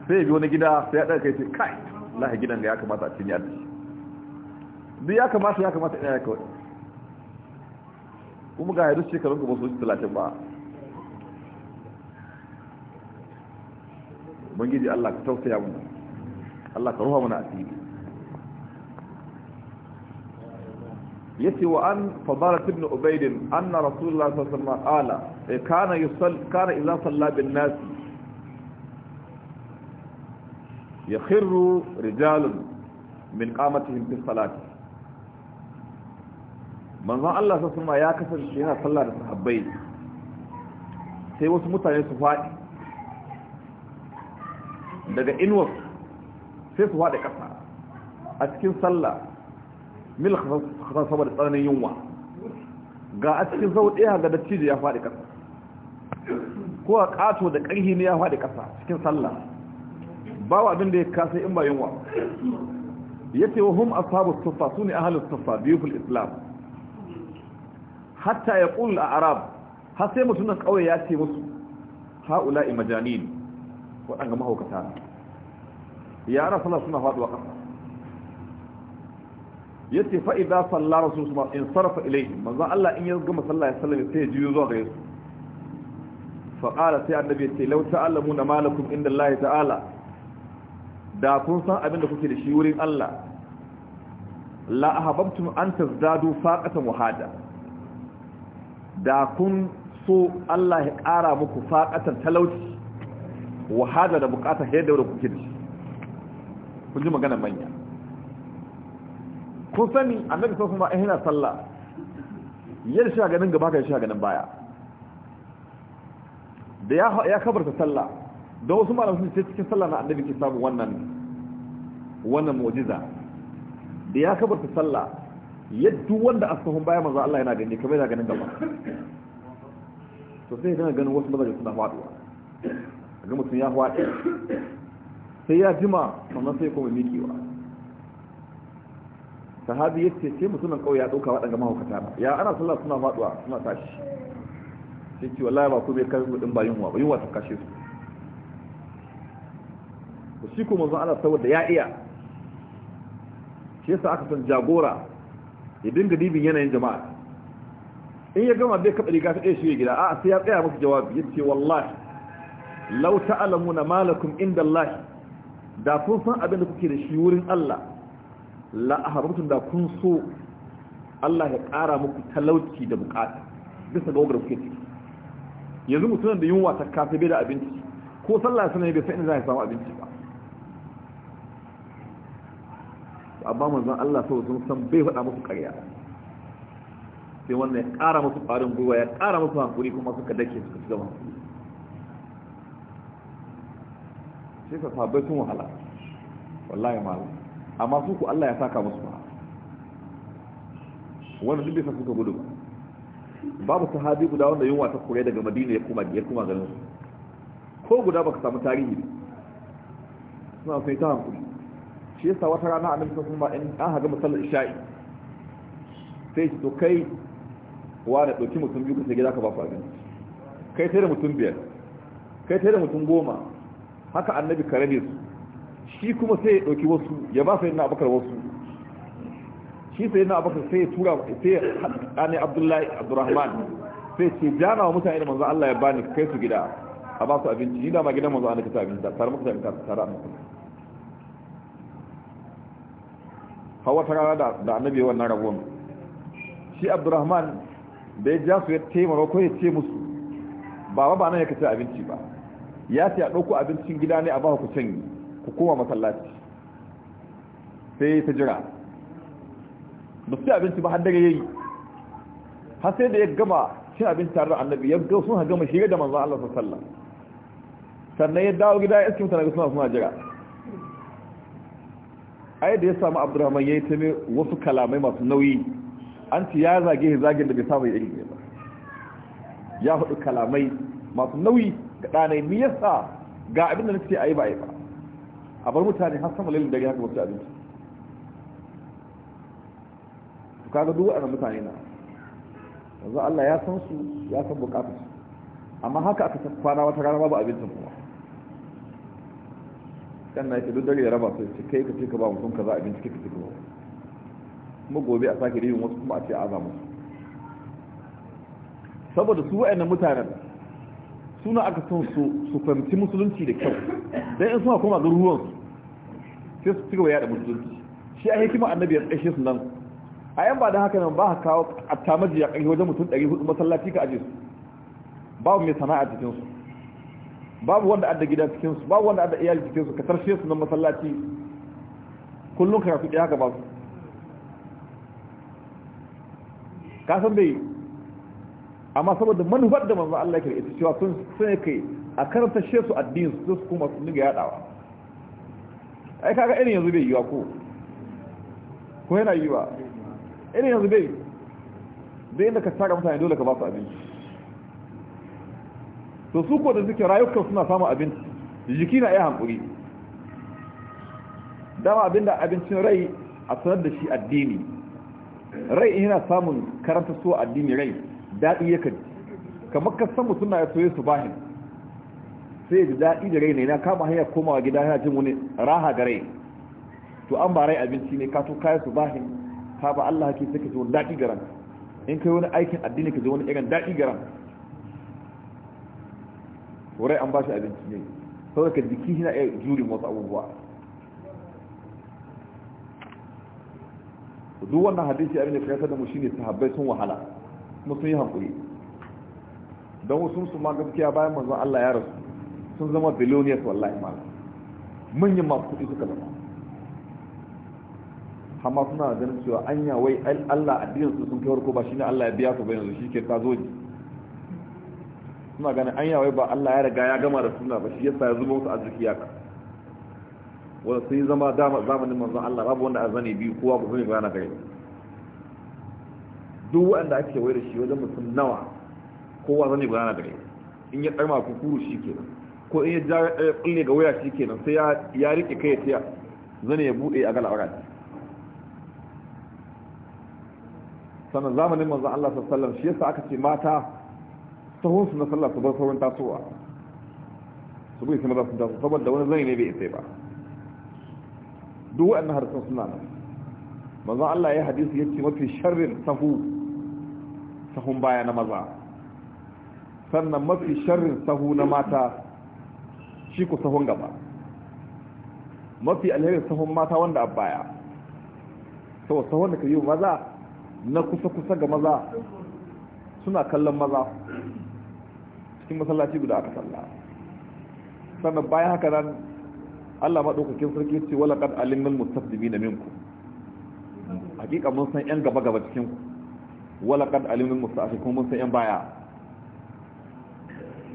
sai bi wani gida sai ya dan kai shi kai wallahi gidan ga ya kamata a cinya da shi duk ya kamata ya kamata ina ya kawai kuma ga yadda shekarun gaba su 30 ba ubangiji Allah ka tausaya mu Allah ka ruha mana asiri yace wa an fadalat ibn ubayd anna rasulullah sallallahu alaihi wasallam qala kana yusalli kana idha salla bin nas yakhirru rijalun min qamatihim fi salati manzon Allah sallallahu alaihi wasallam ya kasance yana sallah da sahabbai sai wasu mutane su faɗi daga inwar sai su faɗi ƙasa a cikin sallah mil kasan saboda tsananin yunwa ga a cikin zau ɗaya ga dattijo ya faɗi ƙasa ko a ƙato da ƙarhi ne ya faɗi ƙasa cikin sallah ba wa abin da ya kasa in ba yunwa ya ce wa hum ashabu sufa su ne ahalin sufa biyuful islam hatta ya ƙul a arab har sai mutumin ƙauye ya ce musu ha'ula'i majanin waɗanga mahaukata ya rafa suna faɗuwa ƙasa yace fa idza salla rasul sallallahu in sarafa ilayhi manzo Allah in ya gama sallah ya sallame sai ya ji zuwa gare su fa qala sai annabi ya ce law ta'lamuna ma lakum inda Allah ta'ala da kun san abin da kuke da shi wurin Allah la ahabbtum an tazdadu faqatan wahada da kun so Allah ya kara muku faƙatan talauci wahada da bukata yadda da kuke da shi kun ji magana manya kun sani annabi sallallahu alaihi wasallam yana sallah yar sha ganin gaba kai sha ganin baya da ya ya kabarta sallah da wasu malamu sun cikin sallah na annabi ke samu wannan wannan mu'jiza da ya kabarta sallah yadda wanda asahun baya manzo Allah yana gani kamar yana ganin gaba to sai kana ganin wasu mazaje suna faduwa ga mutum ya faɗi sai ya jima sannan sai kuma mikiwa sahabi ya ce ce mutumin kawai ya ɗauka waɗanda mahaukata ba ya ana sallah suna faɗuwa suna tashi sai ce wallahi ba ku bai kai ɗin ba yunwa ba yunwa ta kashe su to shi kuma zan ana saboda ya iya shi yasa aka san jagora ya dinga dibin yanayin jama'a in ya gama bai kaɓa riga ta ɗaya shi gida a sai ya tsaya musu jawabi ya ce wallahi lau ta'alamuna malakum inda Allah da kun san abin da kuke da shi wurin Allah la aharamtum da kun so Allah ya ƙara muku talauci da bukata bisa ga wadda kuke ciki yanzu mutumin da yunwa ta kasa bai da abinci ko sallah sana bai sai in za ya samu abinci ba abba manzon Allah sau sun san bai faɗa musu ƙarya sai wannan ya ƙara musu ƙwarin gwiwa ya ƙara musu hankuri kuma suka dake suka ci gaba sai ka sabai sun wahala wallahi malam amma su ku Allah ya saka musu ba wannan duk bai sa suka gudu ba babu sahabi guda wanda yunwa ta kure daga madina ya kuma ya kuma ganin su ko guda baka samu tarihi ba suna sai ta hanku shi yasa wata rana annabi sun ba in an haga musallar isha'i sai shi to kai wa da doki mutum biyu kace gida ka ba fadin abinci kai sai da mutum biyar kai sai da mutum goma haka annabi kare ne su shi kuma sai ya ɗauki wasu ya ba sai na abakar wasu shi sai na abakar sai ya tura sai ya haɗa ne abdullahi abdurrahman sai ce jana wa mutane da manzo Allah ya bani kai su gida a ba su abinci ni da ma gidan manzo Allah ka ta abinci da tare mutane ta tare amma hawa ta rana da annabi wannan rabon shi abdurrahman da ya ja su ya taimaro ko ya ce musu ba ba nan ya kace abinci ba ya ce a ɗauko abincin gida ne a ba ku canyi ku koma masallaci sai ta jira ba su abinci ba har yayi har sai da ya gama cin abinci tare da annabi ya ga sun gama shi da manzon Allah sallallahu alaihi wasallam sannan ya dawo gida ya iske mutane suna suna jira ai da ya samu Abdurrahman yayi ta wasu kalamai masu nauyi an ci ya zage zagin da bai saba yi irin ba ya hudu kalamai masu nauyi ga ɗanai me yasa ga abin da nake yi ba yi ba a bar mutane har sama lalin dare haka wasu abinci su kaga duk waɗannan mutane na yanzu Allah ya san su ya san bukatu su amma haka aka san kwana wata rana babu abincin kuma kan na yake duk dare ya raba su ce kai ka ce ka ba mutum kaza abinci kika ce kuma kuma gobe a sake yin wasu kuma a ce a za musu saboda su waɗannan mutanen suna aka su su fahimci musulunci da kyau dan in suna koma garuruwan sai su cigaba yada musulunci shi a hikima annabi ya tsaye su nan a yan ba da haka nan ba ka kawo attamaji ya kai wajen mutum 400 masallaci ka aje su babu mai sana'a cikin su babu wanda adda gida cikin su babu wanda adda iyali cikin su ka tarshe su nan masallaci kullum karatu ɗaya haka ba su ka san bai amma saboda manufar da manzo Allah ya kira ita cewa sun sun kai a karanta shesu su addini su su kuma su niga yadawa ai kaga irin yanzu bai yiwa ko ko yana yiwa irin yanzu bai da inda ka tara mutane dole ka ba su abinci to su ko da suke rayukan suna samun abinci jiki na iya hankuri dama abinda abincin rai a sanar da shi addini rai yana samun karanta so addini rai daɗi yakan kamar kasan mutum na ya soye su bahin sai da daɗi da rai ne na kama hanyar komawa gida yana jin wani raha ga rai to an ba rai abinci ne ka to kaya su bahin ka ba Allah hake sai ka ji wani daɗi garan in kai wani aikin addini ka ji wani irin daɗi garan ranka to rai an ba shi abinci ne saboda ka jiki yana iya juri wasu abubuwa duk wannan hadisi abin da kayatar da mu shine sahabbai sun wahala kuma sun yi hankuri don wasu su ma gaskiya bayan manzon Allah ya rasu sun zama billionaires wallahi malam manyan masu kuɗi suka zama amma suna da ganin cewa anya wai Allah addinin su sun kawar ko ba shine Allah ya biya su ba yanzu shike ka zo ji suna ganin anya wai ba Allah ya riga ya gama da suna ba shi yasa ya zuba musu arziki ya ka wanda sun yi zama dama zamanin manzon Allah babu wanda azani biyu kowa ba zai bana gare duk wanda ake wai da shi wajen mutum nawa kowa zani gana gare in ya karma ku kuru shi kenan ko in ya kulle ga waya shi kenan sai ya rike kai ya tiya zane ya bude a galabara sannan zamanin manzon Allah sallallahu alaihi wasallam shi yasa aka ce mata sahun su na sallah su bar sauran tasowa su bai sai maza su tasowa saboda wani zane ne bai isa ba duk waɗannan harsun suna nan manzon Allah ya hadisi ya mafi sharrin sahu sahun baya na maza sannan mafi sharrin sahu na mata shi ku sahun gaba mafi alherin sahun mata wanda a baya sau sahun da ka yi maza na kusa-kusa ga maza suna kallon maza cikin masallaci guda aka salla sannan bayan haka nan allah maɗaukakin sarki ce wala kan alimin da na minku hakika mun san 'yan gaba-gaba cikinku wala kan alimin mustafi kuma mun san 'yan baya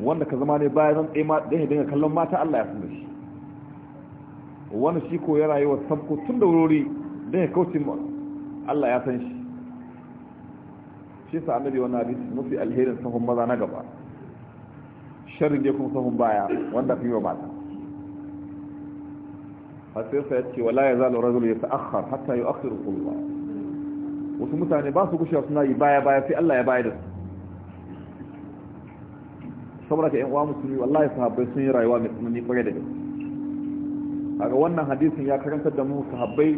wanda ka zama ne baya zan tsaye ma dai dinga kallon mata Allah ya sanar shi wani shi ko ya rayuwa sabko tun da wurori da ya kauce ma Allah ya san shi shi sa annabi wannan hadisi mafi alherin sahun maza na gaba sharrin ya kuma sahun baya wanda fi wa mata har sai sa yace wala yazalu rajul yata'akhkhar hatta yu'akhkhiru Allah wasu mutane ba su gushe suna yi baya baya sai Allah ya bayar da su saboda ka yan uwa musulmi wallahi sahabbai sun yi rayuwa mai tsanani kwarai da gaske kaga wannan hadisin ya karanta da mu sahabbai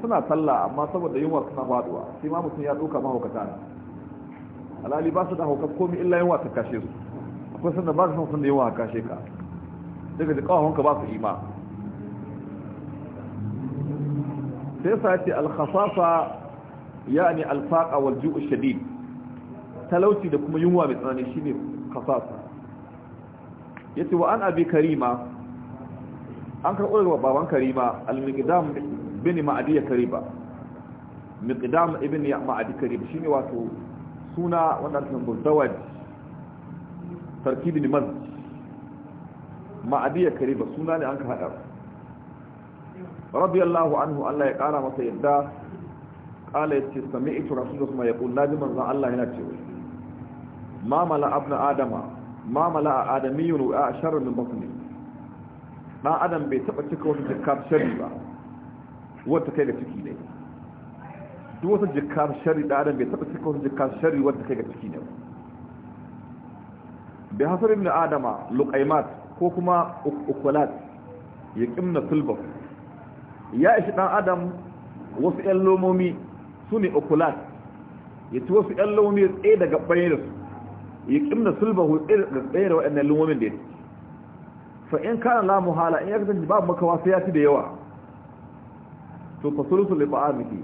suna sallah amma saboda yunwa suna faduwa sai ma mutum ya duka mahaukata ne alali ba su da hukar komi illa yunwa ta kashe su akwai sanda ba su san sun da yunwa kashe ka daga da kawahonka ba su ima sai sa ce alkhasasa ya ne alfaƙa wal ju'u shadid talauci da kuma yunwa mai tsanani shi ne. khasasa yace wa an abi karima an karɓo daga baban karima al-miqdam bin ma'adi kariba miqdam ibn ma'adi karib shine wato suna wanda kan buzawaj tarkibi ne maz ma'adi kariba suna ne an ka hada radiyallahu anhu Allah ya kara masa yadda qala yace sami'tu rasulullahi sallallahu alaihi wasallam yaqul la bi manzo Allah yana cewa ma mala abna adama ma mala adamiyun wa sharrun min batni dan adam bai taba cika wata jikar shari ba wanda kai ga ciki ne duk wata jikar shari da adam bai taba cika wata jikar shari wanda kai ga ciki ne bi hasar ibn adama luqaimat ko kuma ukulat yaqimna tulbah ya ishi dan adam wasu ƴan lomomi su ne okulat ya ci wasu ƴan lomomi ya tsaye daga bayan su ya kimna sulbahu ɗaya da waɗannan lumomin da ya fa in kana la muhala in ya jibab babu makawa sai ya ci da yawa to fasulutu li ba'amiki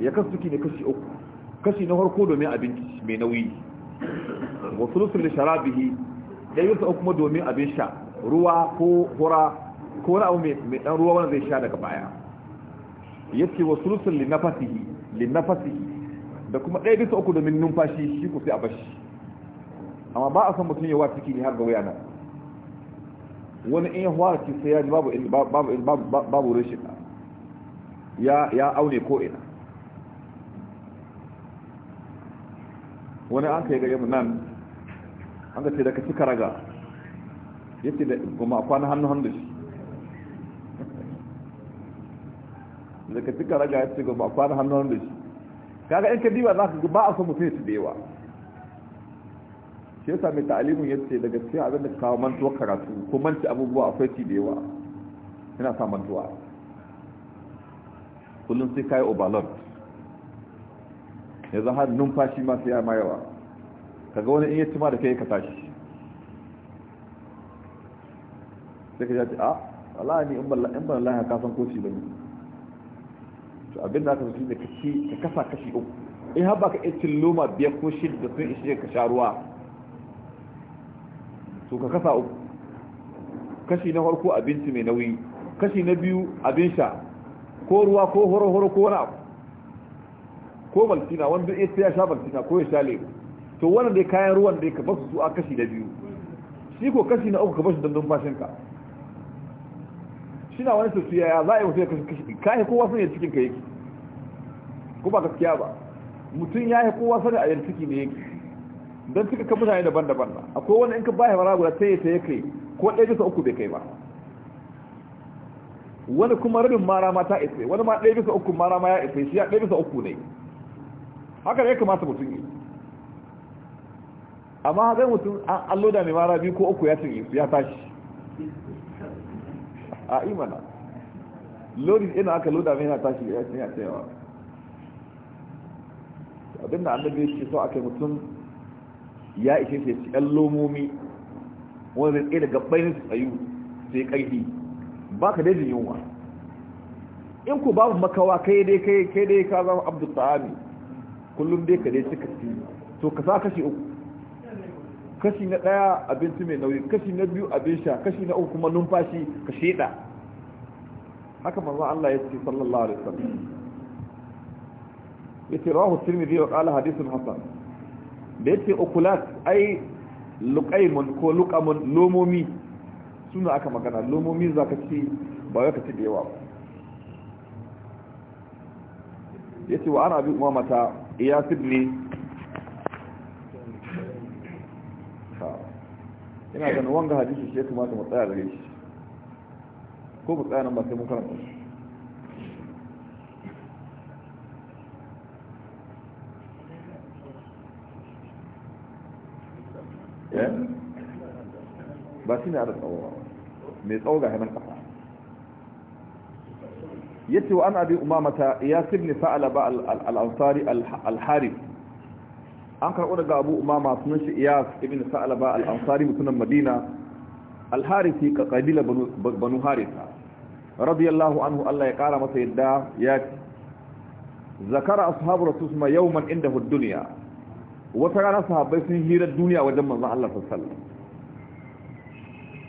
ya kasuki ne kashi uku kashi na farko domin abinci mai nauyi wa li sharabihi da yusa ma domin abin sha ruwa ko hura ko wani mai dan ruwa wanda zai sha daga baya yace wa sulusul li linafasihi da kuma ɗaya bisa uku domin numfashi shi ku sai a bashi amma ba a san mutum yawa ciki ne har ga wayana wani in ya fara ci sai ya ji babu babu rashin ya aune ko ina wani an ka yi ga yamma nan an ka ce daga cika raga yace da kuma kwanan hannu hannu shi daga cika raga ya ce a kwanan hannu hannu shi kaga in ka diba za ka ba a san mutum ya ci da yawa shi yasa mai ta'alimin ya ce daga cikin abin da ka kawo mantuwa karatu ko manci abubuwa akwai ci da yawa yana sa mantuwa kullum sai kayi obalon ya zaha numfashi masu ya ma yawa kaga wani in yi cima da kai ka tashi sai ka jaji a wala ne in ban laha kasan koci ba ne to abin da aka zuci da kashi ka kasa kashi uku in haɓa ka iya cin loma biyar ko da sun ishe ka sha ruwa to ka kasa uku kashi na farko abinci mai nauyi kashi na biyu abin sha ko ruwa ko horo-horo ko wani abu ko baltina wanda ya ya sha maltina ko ya sha lebu to wannan dai kayan ruwan dai ka basu su a kashi na biyu shi ko kashi na uku ka basu fashin ka shi na wani sassu yaya za a yi mutum ya kashi kashi kayan kowa sun yi cikin ka yake ko ba gaskiya ba mutum ya yi kowa sani a yar ciki ne yake don suka ka mutane daban-daban ba akwai wani in ka ba haifara guda ta yi ta yake kai ko ɗaya bisa uku bai kai ba wani kuma rabin mara ma ta isa wani ma ɗaya bisa uku mara ma ya isa shi ya ɗaya bisa uku ne haka ne kamata mutum yi amma zai mutum an alloda mai mara biyu ko uku ya cinye ya tashi a imana lodin ina aka loda mai yana tashi ya cinye a tsayawa abinda annabi ya ce so kai mutum ya ishe shi ci ɗan lomomi wani zai tsaye da gabbainin su tsayu sai ƙarfi ba ka dajin yunwa in ku babu makawa kai dai kai kai dai ka zama abdul ta'ami kullum dai ka dai cika ci to ka sa kashi uku kashi na ɗaya abinci mai nauyi kashi na biyu abin sha kashi na uku kuma numfashi ka sheɗa haka manzo Allah ya ce sallallahu alaihi wasallam yace rawahu tirmidhi wa qala hadithun hasan da yace okulat ai luqaimun ko luqamun lomomi suna aka magana lomomi zaka ci ba zaka ci da yawa ba yace wa ana abi umamata iya sibni ina ganin wanga hadisi shi ya kamata mu tsaya gare shi ko mu tsaya nan ba sai mun karanta shi Eh? ba shi ne da tsawowa mai tsawo ga hannun kafa yace wa an abi umamata ya sibni fa'ala ba al-ansari al-harith an karɓo daga abu umama sunan shi iyas ibn sa'ala al-ansari mutunan madina al-harithi ka kabila banu haritha radiyallahu anhu Allah ya kara masa yadda ya zakara ashabu rasul ma yawman inda hud wata rana sahabbai sun hirar duniya wajen manzan Allah sallallahu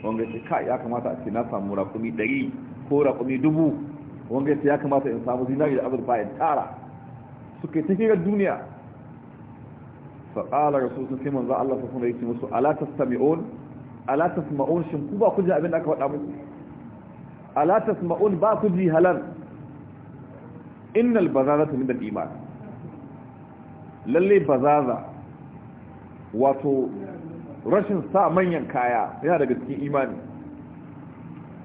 wanga ce kai ya kamata a ce na samu raƙumi ɗari ko raƙumi dubu wanga ce ya kamata in samu zinari da azurfa in tara suka yi ta hirar duniya faƙala rasu sun ce manzan Allah sallallahu alaihi wasallam ya ce musu ala tastami'un ala tasma'un shin ku ba ku ji abin da aka faɗa muku ala tasma'un ba ku ji halal innal bazazatu min al-iman lalle bazaza wato rashin sa manyan kaya yana daga cikin imani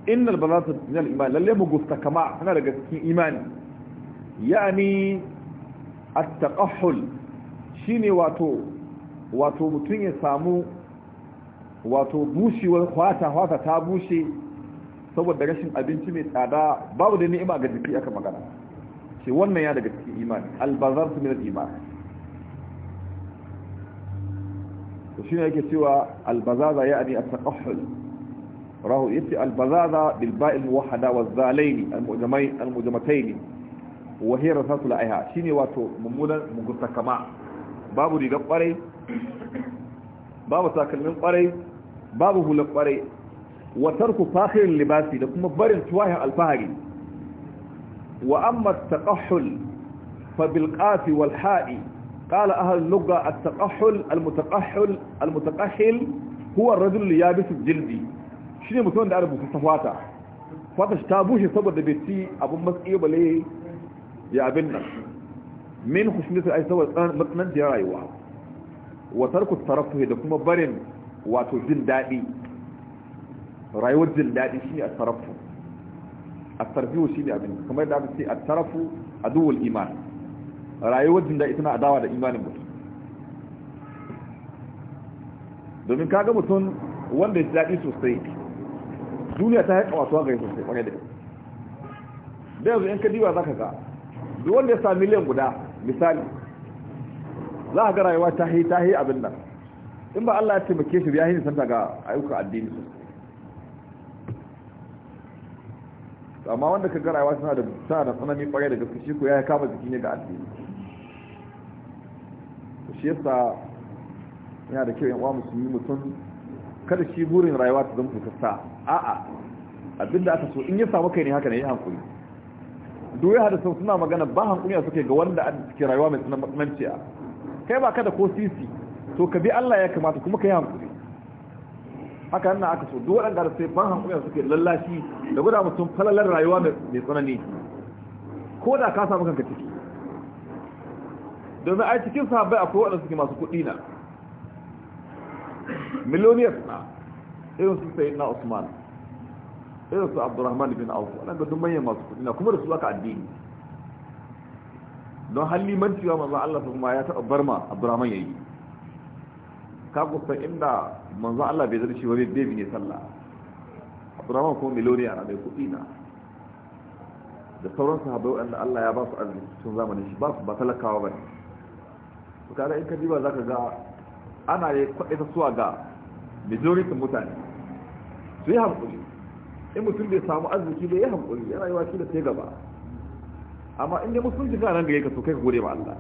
innal balasa min al iman lalle mugusta kama yana daga cikin imani yani at-taqahhul shine wato wato mutun ya samu wato bushewar kwata kwata ta bushe saboda rashin abinci mai tsada babu da ni'ima ga jiki aka magana ce wannan ya daga cikin imani al-balasa min al iman shi ne yake cewa albazaza ya at-taqahhul rahu yati albazaza bil ba'il muwahhada wa zalaini al-mujamai al-mujamataini wa hiya rasatul aiha shine wato mummunan mugunta babu rigar kwarai babu takalmin kwarai babu hular kwarai wa tarku fakhirin libasi da kuma barin tuwahin alfahari wa amma at-taqahhul fa bil qafi wal ha'i قال أهل اللغة التقحل المتقحل المتقحل هو الرجل اللي يابس الجلدي شنو متون ده أربو كسفواتا fata ta bushe saboda bai ci abin bale ya abin nan min hushnisu ai saboda matsanan da rayuwa wa tarku tarafu da kuma barin wato jin daɗi rayuwar jin daɗi shine a tarafu a tarbiyu shine abin da aka ce a tarafu rayuwar jin daɗi tana adawa da imanin mutum domin kaga mutum wanda ya daɗi sosai duniya ta haika wasuwa gari sosai ƙwarai da gaske da yanzu in ka za ka ga duk wanda ya sami miliyan guda misali za a ga rayuwa ta yi ta yi abin nan in ba Allah ya taimake shi ya yi nisanta ga ayyukan addini su amma wanda ka ga rayuwa suna da tsanani ƙwarai da gaske shi ko ya kama jiki ne ga addini shi yasa yana da kyau yan uwa musulmi mutum kada shi burin rayuwa ta zama fitasta a'a abinda aka so in ya samu kai ne haka ne ya hankuri duk ya hada suna magana ba hankuri a suke ga wanda a cikin rayuwa mai tsanan a kai ba kada ko sisi to ka bi Allah ya kamata kuma ka yi hankuri haka yana aka so duk waɗanda da sai ban hankuri a suke lallashi da guda mutum falalar rayuwa mai tsanani ko da ka samu kanka ciki domin a cikin sahabbai akwai waɗanda suke masu kuɗi na miliyoniyar na irin su sayi na usman irin su abdurrahman bin auf waɗanda duk manyan masu kuɗi na kuma da su aka addini don halli mancewa manzan Allah su kuma ya taɓa barma abdurrahman ya yi ka kusan inda manzan Allah bai zarce wani bebi ne sallah abdurrahman kuma miliyoniya na mai kuɗi na da sauran sahabbai waɗanda Allah ya ba su arziki cikin zamanin shi ba su ba talakawa ba ne kaga in ka diba zaka ga ana yi kwaɗe ta suwa ga majority mutane su yi hankuli in mutum bai samu arziki bai yi hankuli yana yi waki da sai gaba amma in dai musulunci ga nan gare ka so kai ka gode ma Allah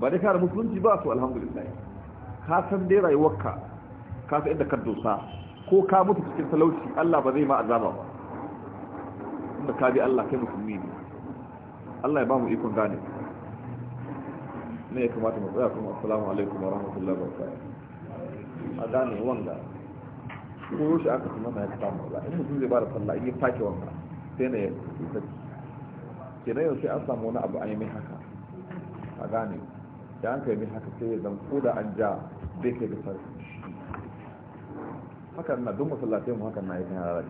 ba dai kare musulunci ba su alhamdulillah ka san dai rayuwarka ka san inda ka dosa ko ka mutu cikin talauci Allah ba zai ma azaba ba inda ka bi Allah kai musulmi ne Allah ya ba mu ikon gane ne ya kamata mu tsaya kuma assalamu alaikum wa rahmatullahi wa barakatuh a gane wanga ko shi aka kuma na ya samu ba in mutum zai da sallah in ya fake wanda sai na ya Ke kenan yau sai an samu wani abu an yi mai haka a gane da an kai mai haka sai ya zama ko da an ja zai kai da sarki hakan na duk masallatai mu hakan na yi kan yara